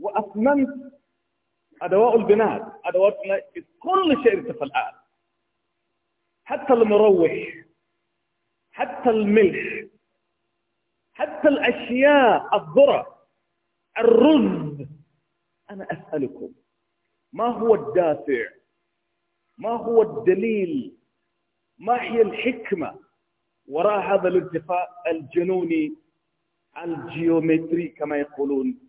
وأصممت أدواء البناء أدوات كل شيء في الآن حتى المروح حتى الملح حتى الأشياء الذرة الرز أنا أسألكم ما هو الدافع ما هو الدليل ما هي الحكمة وراء هذا الارتفاع الجنوني الجيومتري كما يقولون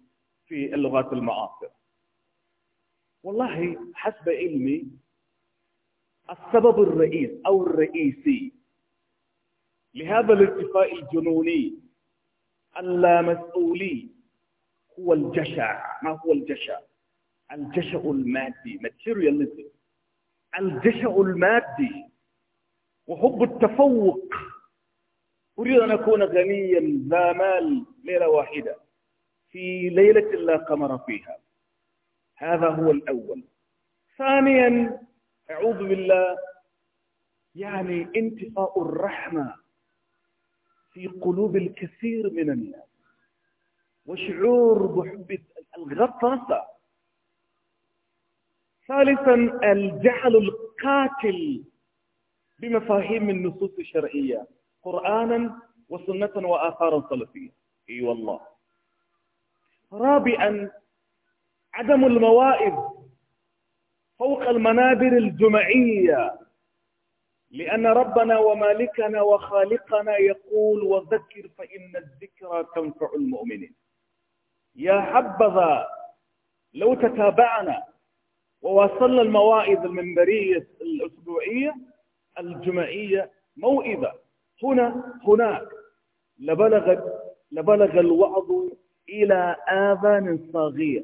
في اللغات المعاصرة والله حسب علمي السبب الرئيس أو الرئيسي لهذا الارتفاع الجنوني اللامسؤولي هو الجشع ما هو الجشع الجشع المادي materialism الجشع المادي وحب التفوق أريد أن أكون غنيا ذا مال ليلة واحدة في ليلة لا قمر فيها هذا هو الأول ثانيا أعوذ بالله يعني انتقاء الرحمة في قلوب الكثير من الناس وشعور بحب الغطرسة ثالثا الجعل القاتل بمفاهيم النصوص الشرعية قرآنا وسنة وآثارا صلفية اي أيوة والله رابعا عدم الموائد فوق المنابر الجمعية لأن ربنا ومالكنا وخالقنا يقول وذكر فإن الذكرى تنفع المؤمنين يا حبذا لو تتابعنا وواصلنا الموائد المنبرية الأسبوعية الجمعية موئذة هنا هناك لبلغ لبلغ الوعظ إلى آذان صاغية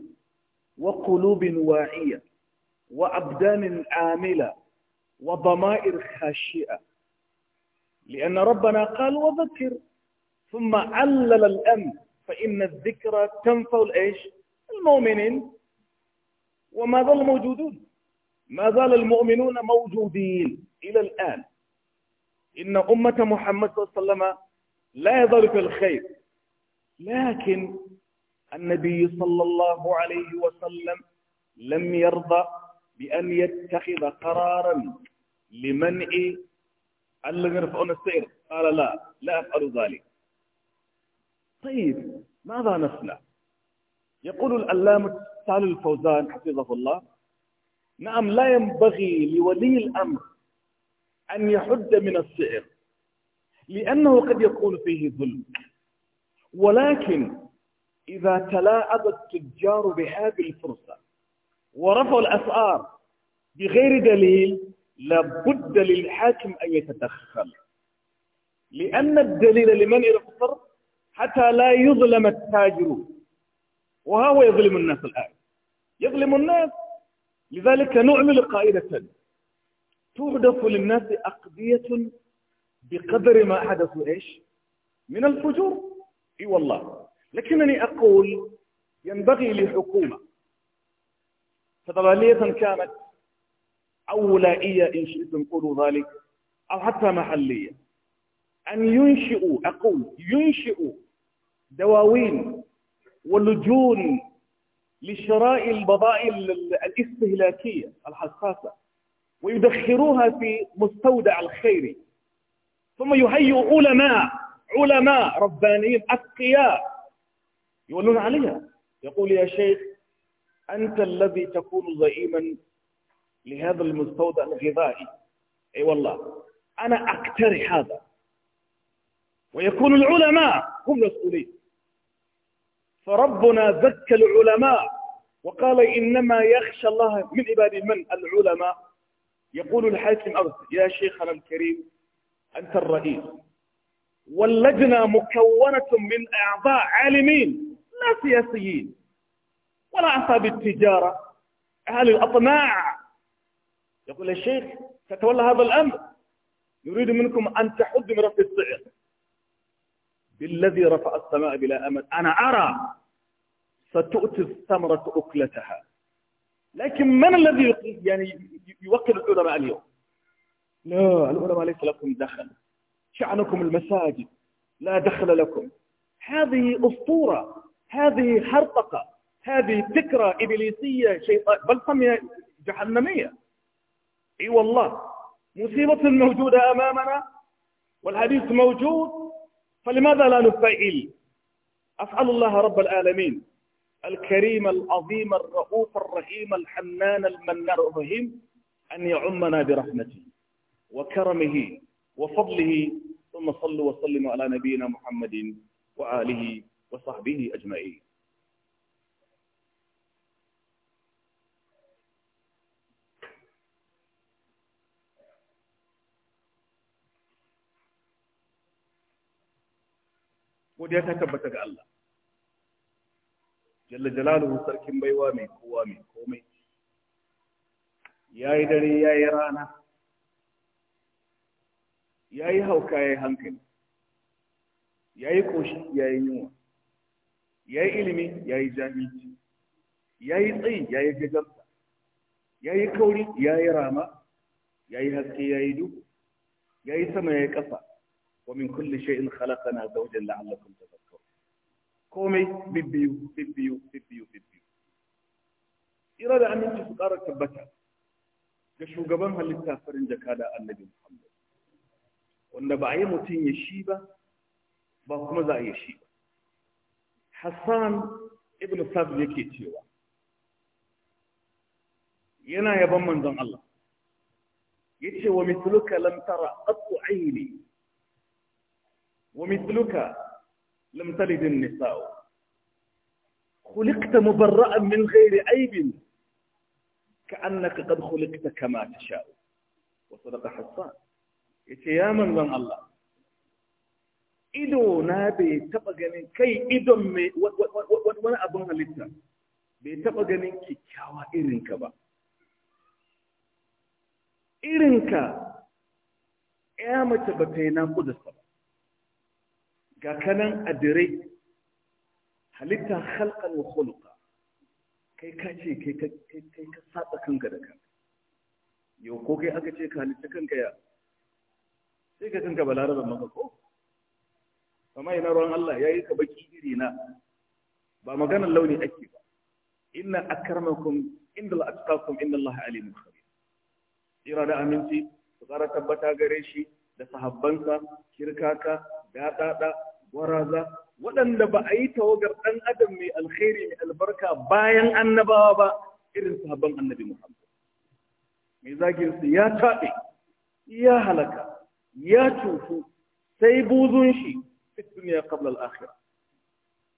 وقلوب واعية وأبدان عاملة وضمائر خاشئة لأن ربنا قال وذكر ثم علل الأمر فإن الذكرى تنفع الإيش المؤمنين وما ظل موجودون ما زال المؤمنون موجودين إلى الآن إن أمة محمد صلى الله عليه وسلم لا يظل في الخير لكن النبي صلى الله عليه وسلم لم يرضى بأن يتخذ قرارا لمنع الذين يرفعون السير قال لا لا أفعل ذلك طيب ماذا نصنع يقول الألام سال الفوزان حفظه الله نعم لا ينبغي لولي الأمر أن يحد من السعر لأنه قد يكون فيه ظلم ولكن إذا تلاعب التجار بهذه الفرصة ورفعوا الأسعار بغير دليل لابد للحاكم أن يتدخل لأن الدليل لمنع القصر حتى لا يظلم التاجر وهو يظلم الناس الآن يظلم الناس لذلك نعمل قائدة تهدف للناس أقضية بقدر ما حدث إيش من الفجور إي والله لكنني أقول ينبغي لحكومة فدرالية كانت أو ولائية إن شئتم قولوا ذلك أو حتى محلية أن ينشئوا أقول ينشئوا دواوين ولجون لشراء البضائل الاستهلاكية الحساسة ويدخروها في مستودع الخير ثم يهيئوا علماء علماء ربانيين أتقياء يولون عليها يقول يا شيخ أنت الذي تكون زعيما لهذا المستودع الغذائي أي والله أنا أقترح هذا ويكون العلماء هم المسؤولين فربنا زكى العلماء وقال إنما يخشى الله من عباد من العلماء يقول الحاكم أرث يا شيخنا الكريم أنت الرئيس واللجنة مكونة من أعضاء عالمين لا سياسيين ولا أصحاب التجارة أهل الأطماع يقول الشيخ تتولى هذا الأمر يريد منكم أن تحد من رفع السعر بالذي رفع السماء بلا أمل أنا أرى ستؤتي الثمرة أكلتها لكن من الذي يعني يوكل العلماء اليوم؟ لا العلماء ليس لكم دخل شأنكم المساجد لا دخل لكم هذه أسطورة هذه حرطقة هذه فكرة إبليسية شيطان بل قمية جهنمية اي والله مصيبة موجودة أمامنا والحديث موجود فلماذا لا نفعل أسأل الله رب العالمين الكريم العظيم الرؤوف الرحيم الحنان المنان الرحيم أن يعمنا برحمته وكرمه وفضله ثم صلوا وسلموا على نبينا محمد وآله وصحبه أجمعين godiya ta tabbata ga Allah jalla jalaluhu sarkin baiwa mai kowa mai komai yayi dare yayi rana ya yi hauka ya yi hankali ya yi ƙoshi ya yi yunwa ya yi ilimi ya yi jami'i ya yi tsayi ya yi gajarta ya yi kauri ya yi rama ya yi haske ya yi duhu ya yi sama ya yi ƙasa wa min kulli shay'in khalaqana zawjan la'allakum tadhakkarun komai bibbiyu bibbiyu bibbiyu bibbiyu ira da aminci su ƙara tabbata ga shugaban halitta farin jaka da annabi Muhammad wanda ba a yi mutum ya shi ba ba kuma za a yi shi ba hassan ibn sad yake cewa yana yaban manzon Allah yace wa mithluka lam tara qattu aini wa mithluka lam talid an-nisaa min ghairi من ka annaka qad khuliqta kama tasha'u wa sadaqa hassan ya ce ya manzon Allah ido na bai taba ganin kai idon mai wani abin halitta bai taba ganin kyakkyawa irinka ba irinka ya mace ba ta yi naƙudasta ba ga kanan adirai halitta halkan wa khuluqa kai ka ce kai ka saba kanka da kanka yau ko kai aka ce ka halitta kanka ya sai ka kanka balaraban maka ko amma ina ruwan Allah ya yi ka baki iri na ba maganar launi ake ba inna akramakum inda la'atqakum inda Allah alimun khabir ira da aminci ku tsara tabbata gare shi da sahabbansa kirkaka daɗaɗa, waraza waɗanda ba a yi tawagar ɗan adam mai alkhairi mai albarka bayan annabawa ba irin sahabban annabi Muhammad mai zagin su ya taɓe ya halaka ya cutu sai buzun shi fit duniya qabla al-akhirah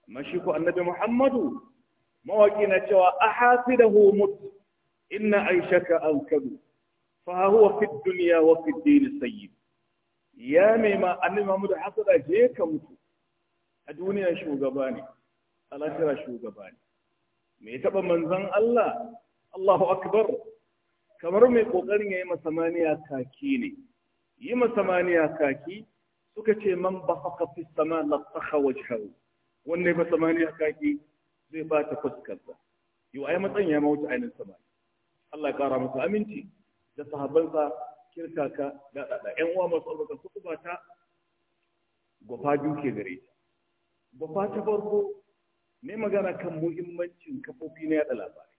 amma shi ko annabi Muhammadu mawaki na cewa ahasidahu mut inna aishaka awkadu fa huwa fit duniya wa fit din sayyid ya mai ma annabi Muhammadu hasada je ka mutu a duniya shugaba ne a lahira shugaba ne me taba manzon Allah Allahu akbar kamar mai kokarin yayi masamaniya kaki ne yi ma samaniya kaki suka ce man ba haka fi sama lattaka jihau wanda ba samaniya kaki zai ba ta fuskar yau yi matsayin ya mawuta ainihin samani Allah ya kara masa aminci da kirka kirkaka da dada Yan uwa masu albarka su kuma ta gwafa duke gare ta gwafa ta farko ne magana kan muhimmancin kafofi na yada labarai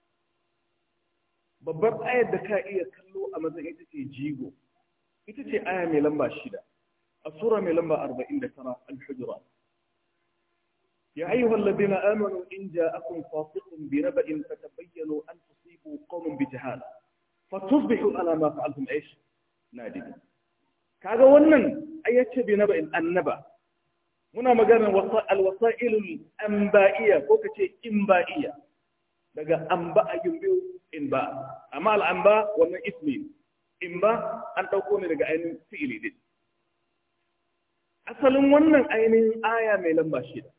babbar ayar da ka iya kallo a matsayin ita ce jigo aya mai lamba shida a sura mai lamba arba'in da tara al-hujurat يا أيها الذين آمنوا إن جاءكم فاسق بنبأ فتبينوا أن تصيبوا قوم بجهالة فتصبحوا على ما فعلتم إيش نادمين kaga wannan ayace yace bi naba annaba muna maganar alwasailul anba'iya ko kace inba'iya daga anba'a yumbi inba amma Al-Anba wannan ismi in ba an ɗauko ne daga ainihin fi'ili din asalin wannan ainihin aya mai lamba shida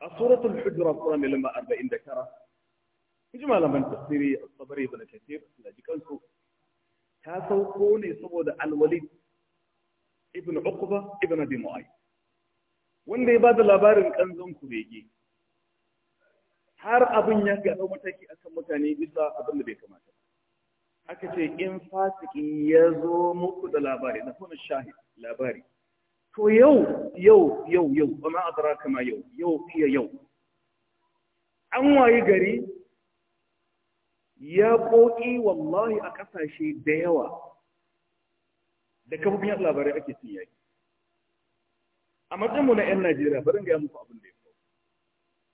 a suratul hujra sura mai lamba arba'in da tara ji malaman tafsiri a sabari ibn kathir da jikansu ta sauko ne saboda alwalid ibn uqba ibn abi Mu'ay. wanda ya bada labarin kanzon kurege har abin ya ga mataki akan mutane bisa abin da bai kamata aka ce in fasiki ya zo muku da labari na sunan shahid labari to yau yau yau yau ba ma azara kama yau yau iya yau an wayi gari ya koki wallahi a kasashe da yawa da kafin yaɗa labarai ake cin yaki a matsayinmu na 'yan najeriya bari ga muku abin da ya faru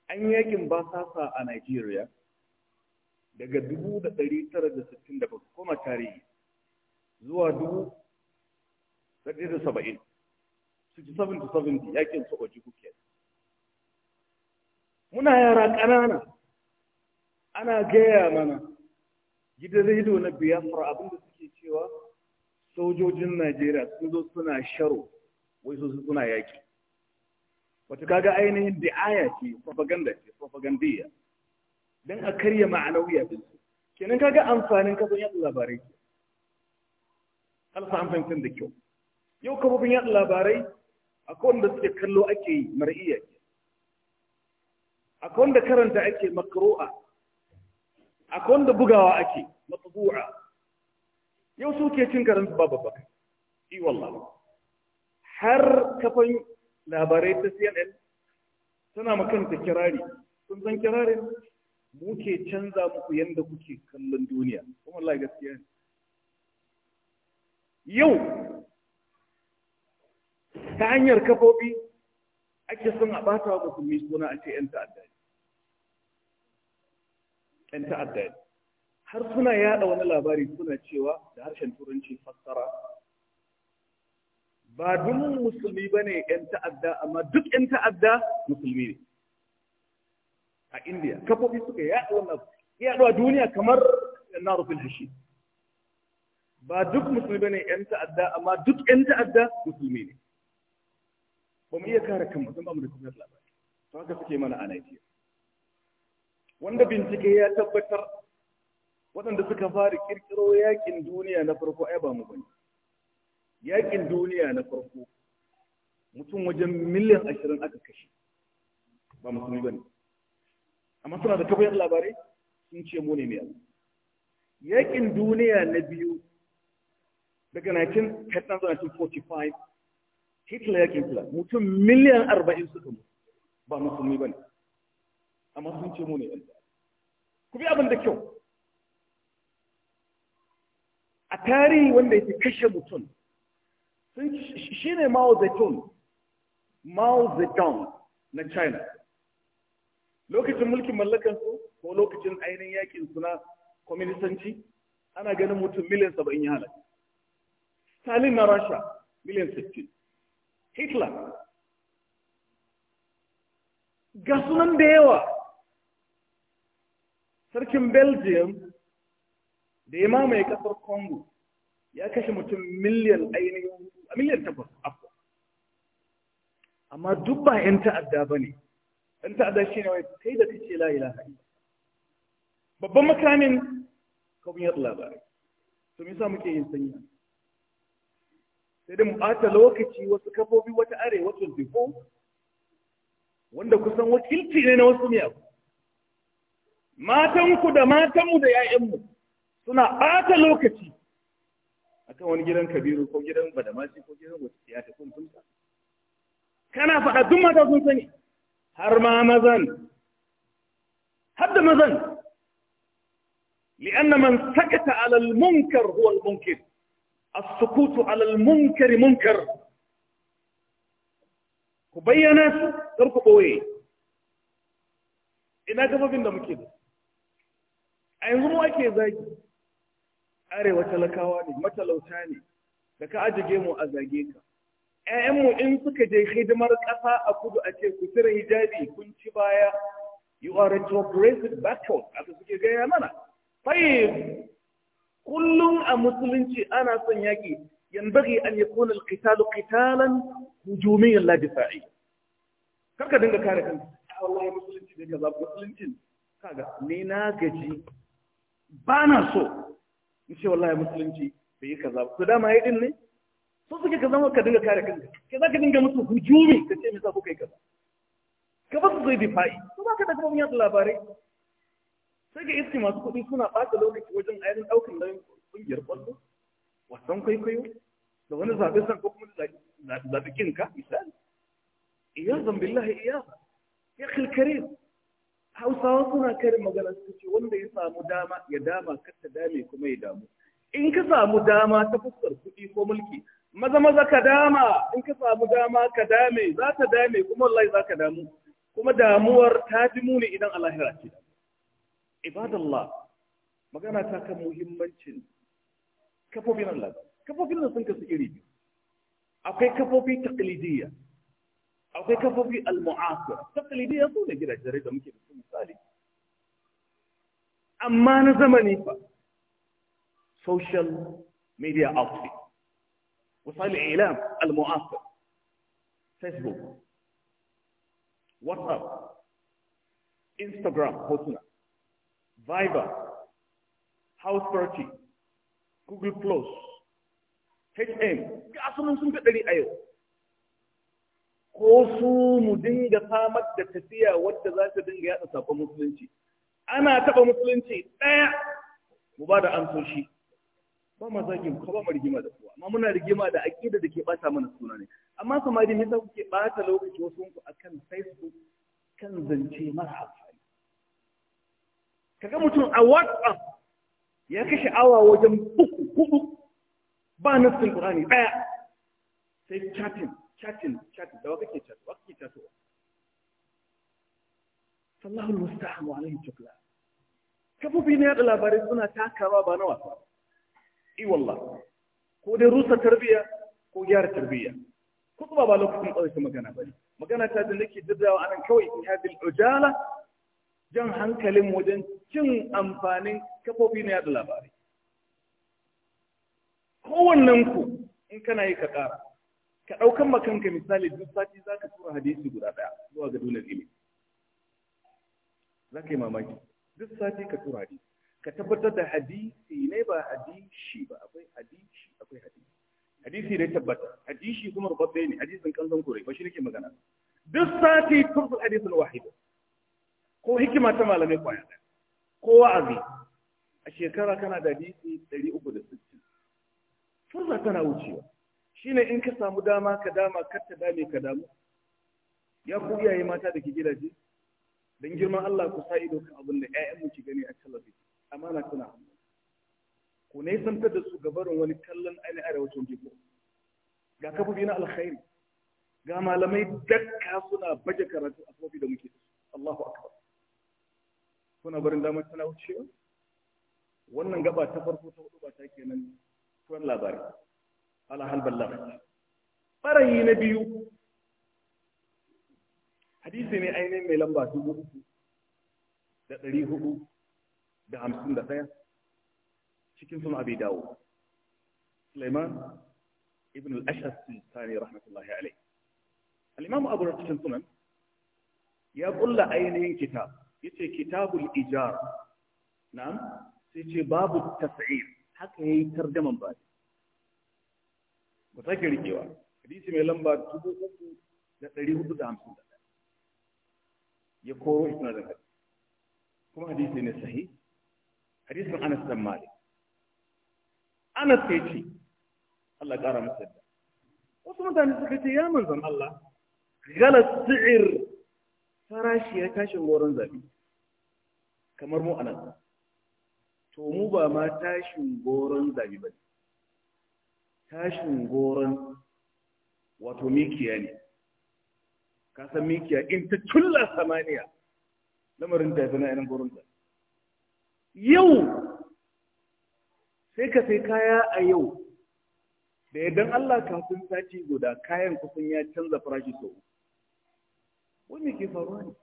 an yakin ba sasa a najeriya daga 1967 kuma tarihi zuwa 1970 67 yakin su oji kuke muna yara ƙanana ana gaya mana gidan rediyo na biyafar abinda suke cewa sojojin najeriya sun zo suna sharo wai su suna yaki wata kaga ainihin da'aya ce propaganda ce 'ya. don a karya ma'anawiya din kenan kaga amfanin kafin yaɗa labarai alfa amfanin da kyau yau kafofin yaɗa labarai akwai wanda suke kallo ake yi mar'iyya akwai wanda karanta ake makru'a akwai wanda bugawa ake matbu'a yau suke cin karanta ba yi i wallahi har kafin labarai ta CNN tana makanta kirari sun san kirarin muke canza muku yadda kuke kallon duniya kuma Allah gaskiya ne yau ta hanyar kafofi ake son a bata wa musulmi suna a ce 'yan ta'adda ‘yan ta'adda ne. Har suna yada wani labari suna cewa da harshen turanci fassara. Ba dun musulmi ba ne ‘yan ta'adda, amma duk ‘yan ta'adda musulmi ne. a indiya kafofi suka yaɗa wannan yaɗo a duniya kamar na rufin hashi ba duk musulmi ne yan ta'adda amma duk yan ta'adda musulmi ne ba mu iya kare kanmu sun ba mu da kuma labari to haka suke mana a Najeriya wanda bincike ya tabbatar waɗanda suka fara kirkiro yakin duniya na farko ai ba mu bane yakin duniya na farko mutum wajen miliyan ashirin aka kashe ba musulmi bane amma suna da kafin labarai sun ce mu ne mai Allah yakin duniya na biyu daga 1945 Hitler yakin kula mutum miliyan arba'in suka mu ba musulmi ba ne amma sun ce mu ne Allah ku bi abin da kyau a tarihi wanda yake kashe mutum shi ne Mao Zedong Mao Zedong na China lokacin mulkin mallakan su ko lokacin ainihin yakin su na kwaminisanci ana ganin mutum miliyan saba'in ya halaka stalin na rasha miliyan sabbin. hitler ga sunan da yawa sarkin belgium da ya mamaye kasar congo ya kashe mutum miliyan ainihin miliyan takwas amma duk ba 'yan ta'adda ba ne dan ta'adda shi ne wai kai da kace la ilaha illa babban makamin kawun yadda labari to me yasa muke yin sanya sai dai mu ɓata lokaci wasu kafofi wata are wata zifo wanda kusan wakilci ne na wasu miyagu matanku da matanmu da 'ya'yanmu suna ɓata lokaci akan wani gidan kabiru ko gidan badamasi ko gidan wasu tiyata kun sun kana faɗa duk mata sun sani هر ما مزن هد مزن لأن من سكت على المنكر هو المنكر السكوت على المنكر منكر كبينا ترك قوي إنا كما فين دمكيد أين هم أكي زاجي أري وتلكواني متلوتاني لك أجي جيمو أزاجيك ‘ya'yanmu in suka je hidimar ƙasa a kudu a ce ku cire hijabi kun ci baya you are retrogressive backward aka suke gaya mana tayyib kullum a musulunci ana son yaƙi yanbaghi an yakuna al ƙitalan qitalan hujumiyyan la difa'i karka dinga kare kan wallahi musulunci ne kaza musulunci kaga ni na gaji ba na so in ce wallahi musulunci bai yi kaza ba su dama din ne so suke ka zama ka dinga kare kanka ke za ka dinga musu hujumi ka ce misa kuka kai kaza ka ba su zai fa'i to ba ka da kuma yadda labarai sai ga iske masu kuɗi suna ɓata lokaci wajen ainihin ɗaukar nauyin ƙungiyar ƙwallo wasan kwaikwayo da wani zaɓe san ko kuma zaɓi kinka misali iyazan billahi iya ya kilkare hausawa suna karin magana su ce wanda ya samu dama ya dama kar ta dame kuma ya damu in ka samu dama ta fuskar kuɗi ko mulki maza maza ka dama in ka samu dama ka dame za ka dame kuma wallahi za ka damu kuma damuwar ta fi muni idan Allah ya ce ibadallah magana ta kan muhimmancin kafofin Allah kafofin nan sun kasu iri biyu akwai kafofi taqlidiyya akwai kafofi al-mu'asir taqlidiyya su ne gidajen da muke da su misali amma na zamani fa social media outfit وسائل الإعلام المعاصر فيسبوك واتساب انستغرام هوتنا فايبر هاوس بارتي جوجل بلس HM ga sunan sun fi ɗari a yau ko su mu dinga samar da tafiya wadda za ta dinga yaɗa safan musulunci ana taɓa musulunci ɗaya mu ba da amsoshi ba ma zagin ko ba mu rigima da kowa amma muna rigima da aqida da ke bata mana suna ne amma samari ne sai kuke bata lokaci wasu ku akan Facebook kan zance mara amfani kaga mutum a WhatsApp ya kashe awa wajen uku hudu ba nassin Qur'ani daya sai chatting chatting chatting da wa kake chat wa kake chat sallahu almusta'an wa alaihi tukla kafofi ne da labarai suna takawa ba na wasa i wallah ko dai rusa tarbiyya ko gyara tarbiyya kuma ba lokacin ta magana ba magana ta da nake a anan kawai in hadil ujala jan hankalin wajen cin amfanin kafofi na yada labarai kowannen ku in kana yi ka ƙara ka ɗaukan makanka misali duk sati za ka tura hadisi guda ɗaya zuwa ga dole ilimi za ka yi mamaki duk sati ka tura hadisi ka tabbatar da hadisi ne ba hadishi ba akwai hadishi akwai hadisi hadisi ne tabbata hadishi kuma rubabbe ne hadisin kanzon kure ba shi nake magana duk sati hadisi na wahida ko hikima ta malamai kwaya ko wa'azi a shekara kana da hadisi 360 turfa tana wucewa shine in ka samu dama ka dama kar ta dame ka damu ya ku iyaye mata da ke gidaje dan girman Allah ku sa ido kan abin da ƴaƴanmu ki gani a talabijin amana tana ku ne san da su gabarin wani kallon ainihin arewacin jiko ga kafofi na alkhairi ga malamai dakka suna baje karatu a kofi da muke Allahu akbar kuna barin damar tana wucewa wannan gaba ta farko ta hudu ba ta kenan tuwan labari ala halbal labari barayi na biyu hadisi ne ainihin mai lamba dubu uku da ɗari hudu da hamsin da ɗaya cikin sun abi dawo suleiman ibn al-ashas sani rahmatullahi alai al-imam abu da cikin sunan ya kulla ainihin kitab yace kitabul ijar na'am sai ce babu tas'ir haka yayi tarjaman ba ku sake rikewa hadisi mai lamba 3451 ya koro isnadin hadisi kuma hadisi ne sahihi hadisin Anas dan Malik Anas ya ce Allah ya kara masa da wasu mutane suka ce ya manzon Allah Galas si'ir farashi ya tashi goron zabi kamar mu Anas. to mu ba ma tashin goron zabi ba tashin goron wato mikiya ne ka san mikiya in ta tulla samaniya lamarin tafi na irin goron zabi yau sai ka sai kaya a yau da yadda Allah kafin sati guda kayan kusan ya canza farashi sau wani ke faruwa ne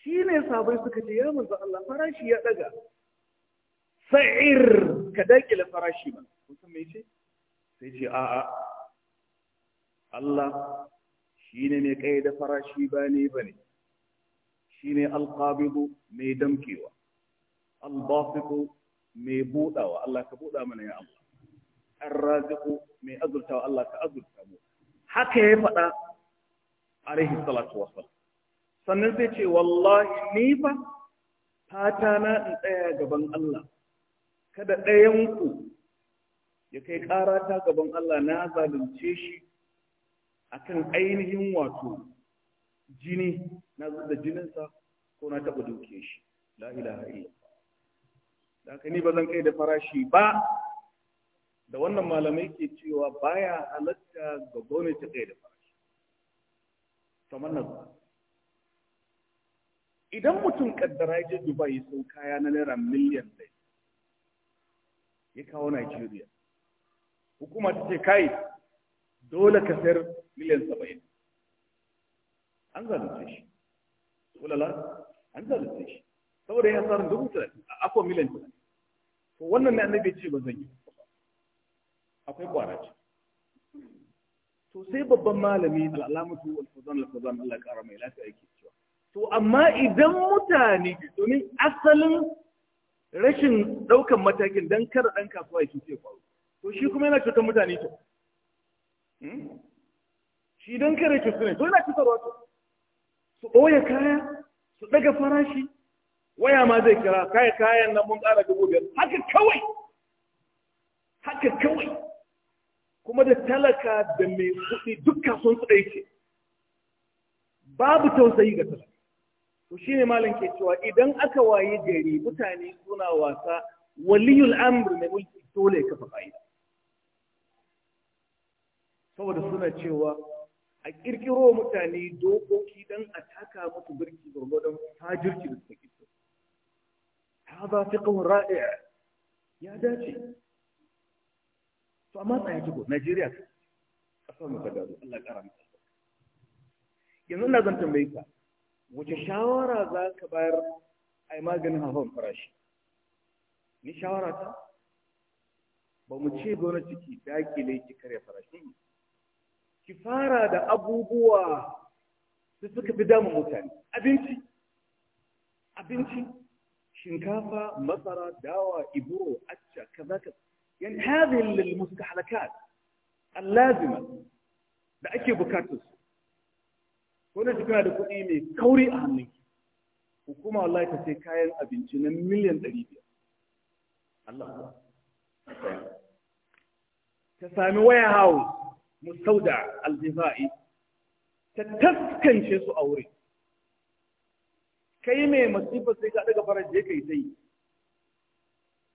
shi ne sabai suka ce ya manzo Allah farashi ya daga sa'ir ka dakile farashi ba kusan me ce sai ce a'a Allah shi ne mai kai da farashi ba ne ba shi ne alƙabidu mai damkewa al-basitu mai budawa Allah ka buda mana ya Allah ar-raziqu mai azurtawa Allah ka azurta mu haka ya faɗa alaihi salatu wassalam sannan sai ce wallahi ni fa fata na in tsaya gaban Allah kada ɗayan ku ya kai ƙara ta gaban Allah na zalunce shi akan ainihin wato jini na zuba jininsa ko na taɓa duke shi la ilaha illallah da haka ni ba zan kai da farashi ba da wannan malamai ke cewa baya halatta ga gwamnati kai da farashi kamar nan idan mutum kaddara ya je dubai sun kaya na naira miliyan ɗaya ya kawo Najeriya. Hukuma ta ce kai dole ka sayar miliyan saba'in. An zalunce shi. Kulala, an zalunce shi. Saboda ya sarar dubu talatin, akwai miliyan talatin. to wannan ne annabi ce ba zan yi akwai kwara ce to sai babban malami al'alamatu wal fuzan al fuzan Allah ƙara mai lafiya yake cewa to amma idan mutane domin asalin rashin ɗaukan matakin dan kar dan kasuwa yake ce faru to shi kuma yana cutar mutane to hmm? shi dan kare cutar ne to yana cutarwa to su ɓoye kaya su ɗaga farashi waya ma zai kira kai kayan nan mun ƙara dubu biyar haka kawai haka kawai kuma da talaka da mai kuɗi dukkan sun su yake, babu tausayi ga talaka to ne malam ke cewa idan aka waye gari mutane suna wasa waliyul amr mai mulki dole kafa ƙa'ida saboda suna cewa a kirkiro mutane dokoki dan a taka musu birki gwargwadon fajirci da suke هذا فقه رائع يا داتي فما تقول نيجيريا kasar mu ta Allah ƙara mu yanzu ina zan tambaye ka wace shawara za ka bayar a yi maganin hawan farashi ni shawara ba mu ce gwamnati ki dakile ki karya farashi ki fara da abubuwa da fi damun mutane abinci abinci shinkafa masara dawa iburo acca kaza kaza yani hadhihi almustahalakat allazima da ake bukatar su ko da da kuɗi mai kauri a hannunki hukuma wallahi ta sai kayan abinci na miliyan biyar. Allah ta sami waya hau musauda aljifa'i ta taskance su a wurin kai mai masifar sai ka daga farar je kai sai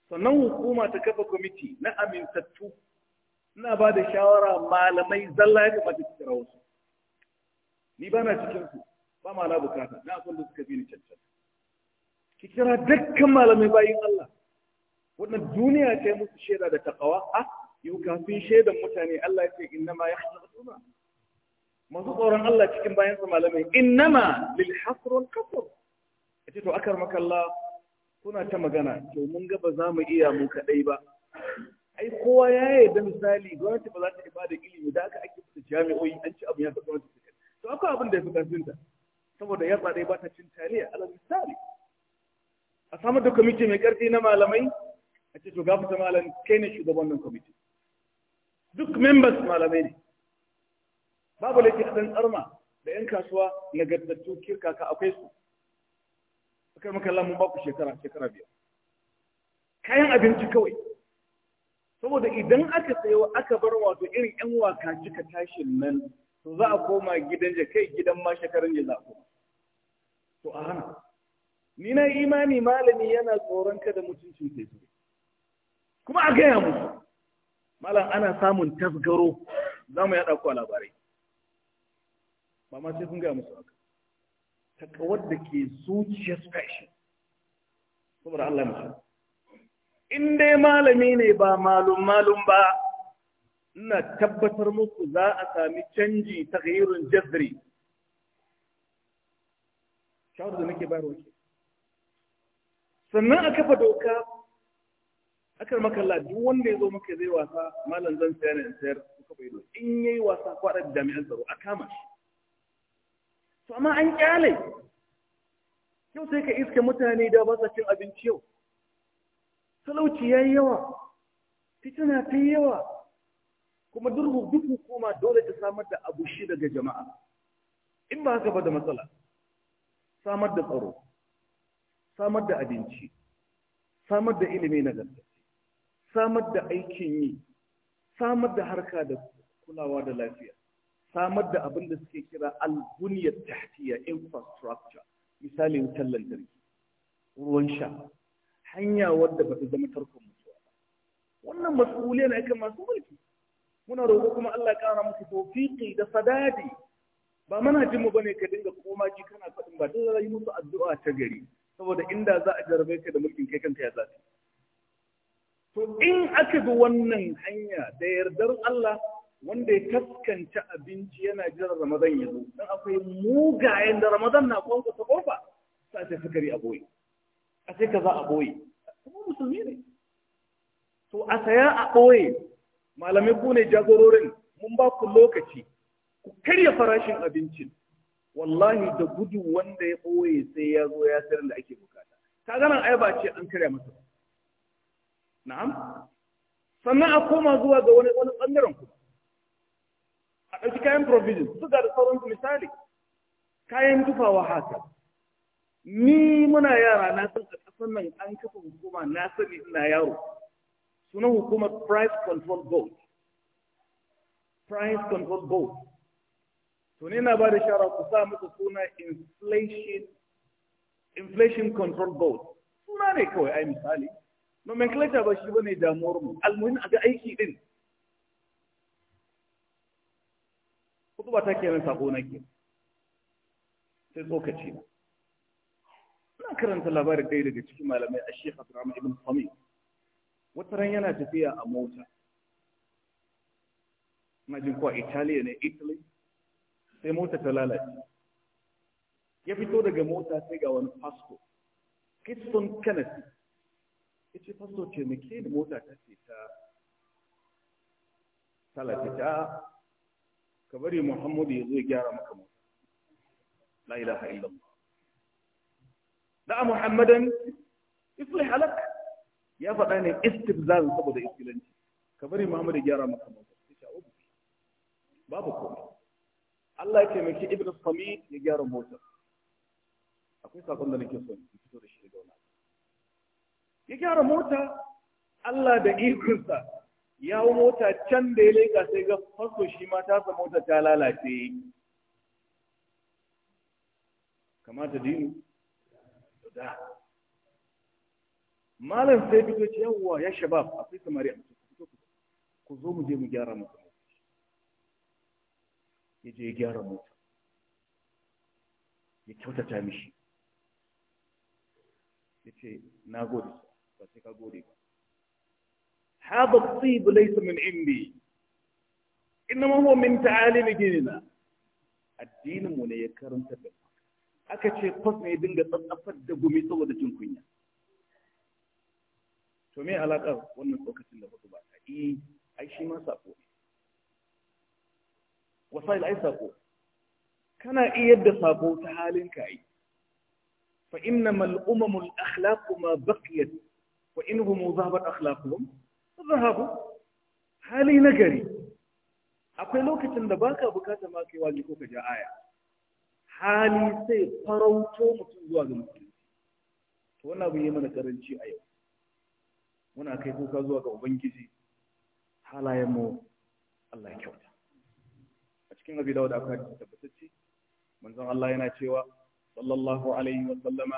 sannan hukuma ta kafa kwamiti na amintattu ina ba da shawara malamai zalla ya kamata su kira wasu ni ba na cikin su ba ma na bukata na akwai da suka bi ni cancan ki kira dukkan malamai bayin Allah wannan duniya ta yi musu shaida da takawa a yau kafin shaidan mutane Allah ya ce ma ya hasuna masu tsoron Allah cikin bayan sa malamai innama lil hasrun kasr ce to akar makalla kuna ta magana to mun ga ba za mu iya mu kaɗai ba ai kowa ya yi da misali gwamnati ba za ta ba da ilimi da aka ake fita jami'o'i an ci abu ya tafi gwamnati ta to akwai abin da ya fi ta saboda ya tsare ba ta cin tariya ala misali a samar da kwamiti mai karfi na malamai a ce to gafata malam kai ne shugaban nan kwamiti duk members malamai ne babu laifin a ɗan tsarma da 'yan kasuwa na nagartattu kirkaka akwai su kai maka lamun baku shekara shekara biyar kayan abinci kawai saboda idan aka tsayo aka bar wato irin yan waka cika tashin nan to za a koma gidan je kai gidan ma shekarun ya za koma to a hana ni na imani malami yana tsoron kada mutuncin sai su kuma a gaya musu malam ana samun tasgaro za mu yaɗa ku a labarai ba ma sai sun gaya musu haka takawar da ke zuciya shi saboda Allah ya in dai malami ne ba malum malum ba ina tabbatar muku za a sami canji ta gairin jazri shawar da nake bayarwa ke sannan a kafa doka akar makalla duk wanda ya zo muka zai wasa malam zan sayar in sayar in yayi wasa kwaɗa da jami'an tsaro a kama shi to amma an kyale yau sai ka iska mutane da ba sa cin abinci yau talauci ya yi yawa fitina ta yi yawa kuma durhu duk hukuma dole ta samar da abu shi daga jama'a in ba haka ba da matsala samar da tsaro samar da abinci samar da ilimi na gaske samar da aikin yi samar da harka da kulawa da lafiya samar da abin da suke kira albuniyar tahtiya infrastructure misali wutar lantarki ruwan sha hanya wadda ba ta zama tarkon mutuwa ba wannan mas'uliyar na kan masu mulki muna roƙo kuma Allah ƙara musu tawfiqi da sadadi ba jin mu bane ka dinga koma ji kana faɗin ba dole yi musu addu'a ta gari saboda inda za a jarabe ka da mulkin kai kanka ya zafi to in aka bi wannan hanya da yardar Allah wanda ya kaskanci abinci yana jiran ramadan ya zo dan akwai mugayen da ramadan na kwankwasa kofa sai ta sukari a boye a sai kaza a boye kuma musulmi ne to a saya a boye malamai ku ne jagororin mun ba ku lokaci ku karya farashin abincin wallahi da gudu wanda ya boye sai ya zo ya sayar da ake bukata ka ganin ai ba ce an karya masa na'am sannan a koma zuwa ga wani wani bangaren kuma a ɗauki kayan provision suga da sauran misali kayan tufawa haka ni muna yara na san a ƙasar nan an kafa hukuma na sani ina yaro suna hukumar price control board price control board to ne na ba da shara ku sa muku suna inflation inflation control board suna ne kawai ai misali nomenclature ba shi bane damuwar mu almuhin a ga aiki din kudu ba ta kenan sako na ke sai tsokaci na ina karanta labarin dai daga cikin malamai a shekha abdurrahman ibn sami wata ran yana tafiya a mota na jin kuwa italiya ne italy sai mota ta lalace ya fito daga mota sai ga wani fasko kitson kennedy ya ce fasko ce mai ke mota ta ce ta talata ta ka bari muhammadu ya zo ya gyara maka mu la ilaha illallah da'a muhammadan islih halak ya faɗa ne istibzal saboda iskilanci ka bari muhammadu ya gyara maka mu babu komai Allah ya taimaki Ibn Samit ya gyara mota. akwai sakon da nake son in fito da shi daga wani ya gyara mota Allah da ikonsa ya hau mota can da ya leka sai ga fasko shi ma ta mota ta lalace kamata dinu da malam sai fito ce yawwa ya shabab akwai samari a ku zo mu je mu gyara mota ya je ya gyara mota ya kyautata mishi ya ce na gode ba sai ka gode ba هذا الطيب ليس من عندي إنما هو من تعاليم ديننا الدين من يكرم تبقى aka ce kwas ne dinga tsatsafar da gumi saboda jin kunya to me alaƙar wannan tsokacin da hudu ba ta yi ai shi ma sako wasa'il ai sako kana iya da sako ta halin ka ai fa innamal umamul akhlaqu ma baqiyat wa inhum dhahabat akhlaquhum zahabu hali na gari akwai lokacin da baka bukata ma kai waje ko ka ja aya hali sai farauto mutum zuwa ga mutum to wannan abu yi mana karanci a yau muna kai kuka zuwa ga ubangiji halayen mu Allah ya kyauta a cikin abin da dawud aka tabbatacce manzon Allah yana cewa sallallahu alaihi wa sallama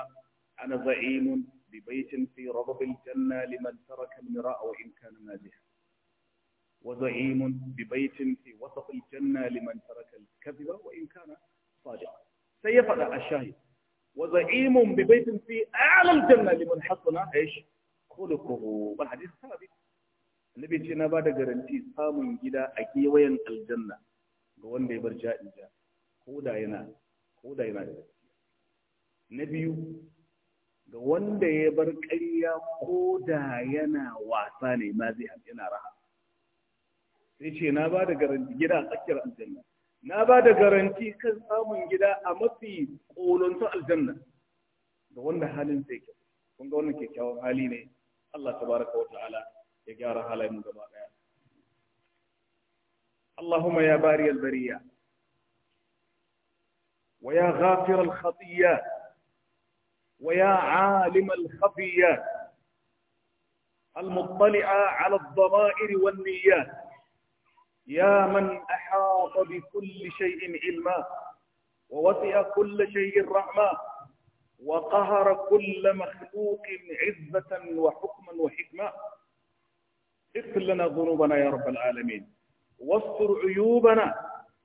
ana za'imun ببيت في رضب الجنة لمن ترك المراء وإن كان نادها وزعيم ببيت في وسط الجنة لمن ترك الكذب وإن كان صادقا سيفعل الشاهد وزعيم ببيت في أعلى الجنة لمن حسن إيش خلقه والحديث ثابت النبي جينا بعد جرنتي سامن جدا أكيوين الجنة قوان دي الجنة خودا دا ينا هو دا ينا na Da wanda ya bar ƙarya ko da yana wasa ne ma zai yana raha sai ce na ba da garanti gida a tsakiyar aljanna na ba da garanti kan samun gida a mafi ƙolonta aljanna da wanda halin sai ke kun ga wannan kyakkyawan hali ne Allah tabaraka wa ta'ala ya gyara halayen gaba ya bari albariya. Wa ya ويا غافر الخطيئات ويا عالم الخفيات المطلع على الضمائر والنيات يا من أحاط بكل شيء علما ووسع كل شيء رحما وقهر كل مخلوق عزة وحكما وحكمة اغفر لنا ذنوبنا يا رب العالمين واستر عيوبنا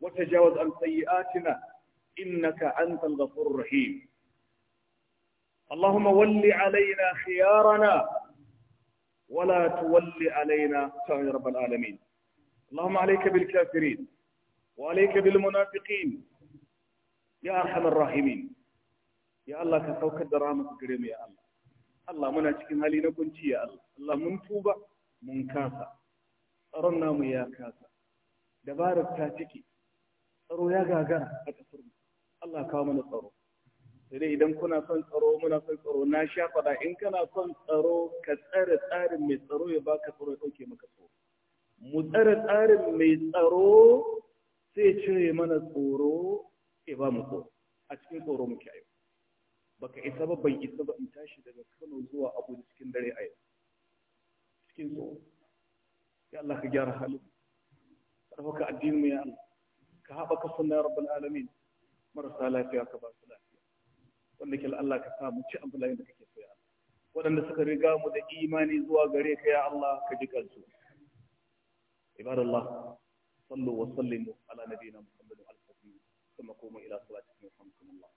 وتجاوز عن سيئاتنا إنك أنت الغفور الرحيم اللهم ول علينا خيارنا ولا تول علينا يا رب العالمين اللهم عليك بالكافرين وعليك بالمنافقين يا أرحم الراحمين يا الله كسوك الدرامة كريم يا الله الله منا cikin hali na kunci ya Allah Allah mun tuba mun kasa tsaron namu ya kasa dabarar ta ciki tsaro ya gagara a kasar Allah kawo mana tsaro sai idan kuna son tsaro muna son tsaro na sha faɗa in kana son tsaro ka tsare tsarin mai tsaro ya baka tsaro ya ɗauke maka tsaro mu tsare tsarin mai tsaro sai cire mana tsoro ya ba mu tsoro a cikin tsoro muke a yau baka isa ba ban isa ba in tashi daga Kano zuwa da cikin dare a yau cikin tsoro ya Allah ka gyara halin ka addinin mu ya Allah ka haɓaka sunna rabbul alamin marasa lafiya ka ba su lafiya wanda ke Allah ka sa mu ci abdullahi da kake so ya waɗanda suka riga mu da imani zuwa gare ka ya Allah ka ji kansu ibadallah sallu wa sallimu ala nabiyina muhammadin al-fatih kuma kuma ila salatikum wa